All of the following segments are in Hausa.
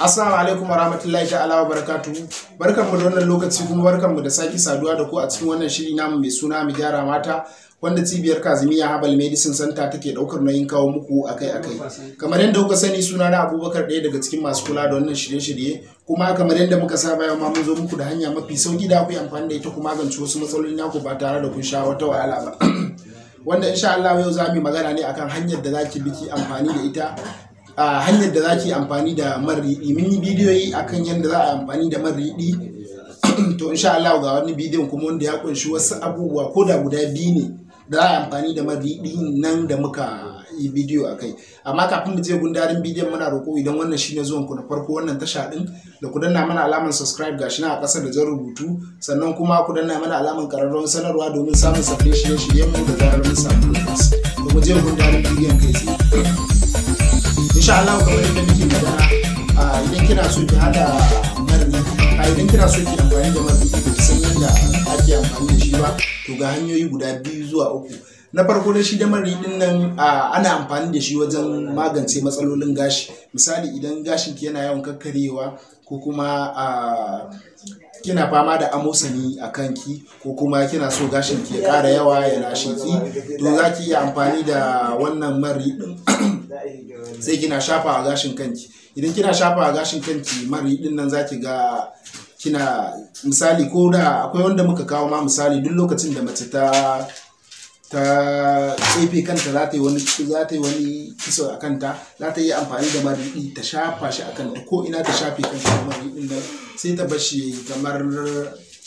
Assalamu alaikum wa rahmatullahi ta'ala wa barakatu. Barkan mu da wannan lokaci kuma barkan mu da sake saduwa da ku a cikin wannan shiri namu mai suna mu gyara mata wanda cibiyar Kazimiya Habal Medicine Center take daukar nauyin kawo muku akai-akai. Kamar yadda kuka sani suna na Abubakar ɗaya daga cikin masu kula da wannan shirye-shirye kuma kamar yadda muka saba yau ma mun zo muku da hanya mafi sauki da ku amfani da ita kuma magance wasu matsalolin naku ba tare da kun sha wata wahala ba. wanda insha Allah yau za mu yi magana ne akan hanyar da za ki bi biki amfani da ita a hanyar da za ki amfani da marriɗi mini mun yi kan akan yadda za a amfani da marriɗi to insha Allah ga wani bidiyon kuma wanda ya kunshi wasu abubuwa ko da guda biyu ne da za a amfani da marriɗi nan da muka yi bidiyo a kai amma kafin mu je gundarin bidiyon muna roƙo idan wannan shi ne ku na farko wannan tasha din da ku danna mana alamar subscribe shi na a ƙasa da zan rubutu sannan kuma ku danna mana alamar ƙararrawar sanarwa domin samun sabbin shirye-shiryen mu da zarar mun samu lokaci da mu je gundarin bidiyon kai tsaye insha Allah kamar yadda nake magana idan kina so ki hada marni a idan kina so ki amfani da marni ki san yadda ake amfani da shi ba to ga hanyoyi guda biyu zuwa uku na farko da shi da mari din nan ana amfani da shi wajen magance matsalolin gashi misali idan gashin ki yana yawan kakkarewa ko kuma kina fama da amosani a kanki ko kuma kina so gashin ki ya kara yawa ya lashe ki to za ki iya amfani da wannan mari din sai kina shafa a gashin kanki idan kina shafa a gashin kanki mari din nan zaki ga kina misali ko da akwai wanda muka kawo ma misali duk lokacin da mace ta ta tsefe kanta za ta yi wani za ta yi wani kiso a kanta za ta yi amfani da mariɗi ta shafa shi a kanta ko ina ta shafe kanta da mariɗin nan sai ta bashi kamar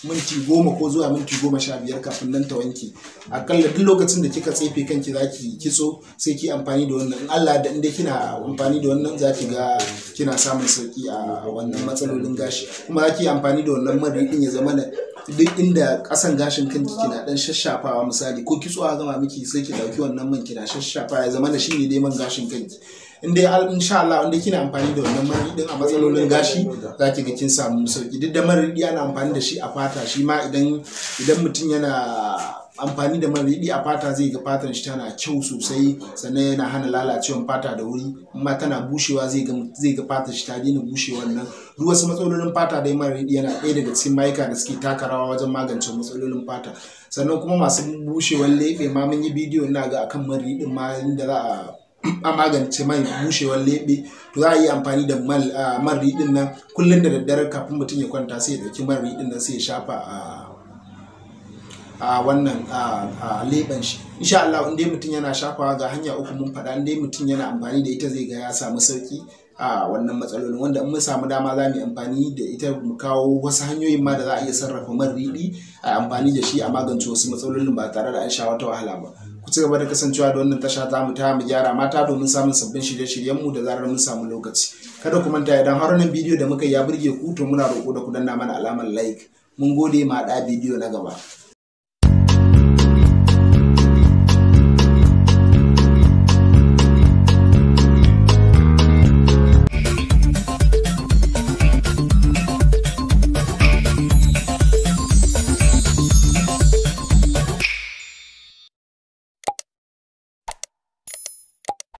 minti goma ko zuwa minti goma sha biyar kafin nan ta wanke akalla duk lokacin da kika tsefe kanki za ki kitso sai ki amfani da wannan Allah da inda kina amfani da wannan za ki ga kina samun sauki a wannan matsalolin gashi kuma za ki amfani da wannan madadin in ya zama na duk inda kasan gashin kanki kina dan shashafawa misali ko kitso a gama miki sai ki dauki wannan man kina shashafa ya zama na shine dai man gashin kanki in dai insha Allah in kina amfani da wannan din a matsalolin gashi za ki ga kin samu sauki duk da maridi ana amfani da shi a fata shi ma idan idan mutum yana amfani da man a fata zai ga fatan shi tana kyau sosai sannan yana hana lalacewar fata da wuri ma tana bushewa zai ga zai ga fatan shi ta daina bushewa nan duk wasu matsalolin fata dai man riɗi yana ɗaya daga cikin mayuka da suke taka rawa wajen magance matsalolin fata sannan kuma masu bushewar lefe ma mun yi bidiyo ina ga akan mari din ma inda za a a magance mai bushewar leɓe to za a yi amfani da man riɗin nan kullum da daddare kafin mutum ya kwanta sai ya ɗauki man riɗin nan sai ya shafa a wannan a leɓen shi insha Allah inda mutum yana shafawa ga hanya uku mun faɗa inda mutum yana amfani da ita zai ga ya samu sauki a wannan matsalolin wanda in mun samu dama za mu yi amfani da ita mu kawo wasu hanyoyin ma da za a iya sarrafa man riɗi a amfani da shi a magance wasu matsalolin ba tare da an sha wata wahala ba ci gaba da kasancewa da wannan tasha za mu ta mu gyara mata domin samun sabbin shirye shiryen mu da zarar mun samu lokaci kada ku manta idan har wannan bidiyo da muka yi ya burge ku to muna roƙo da ku danna mana alamar like mun gode ma da bidiyo na gaba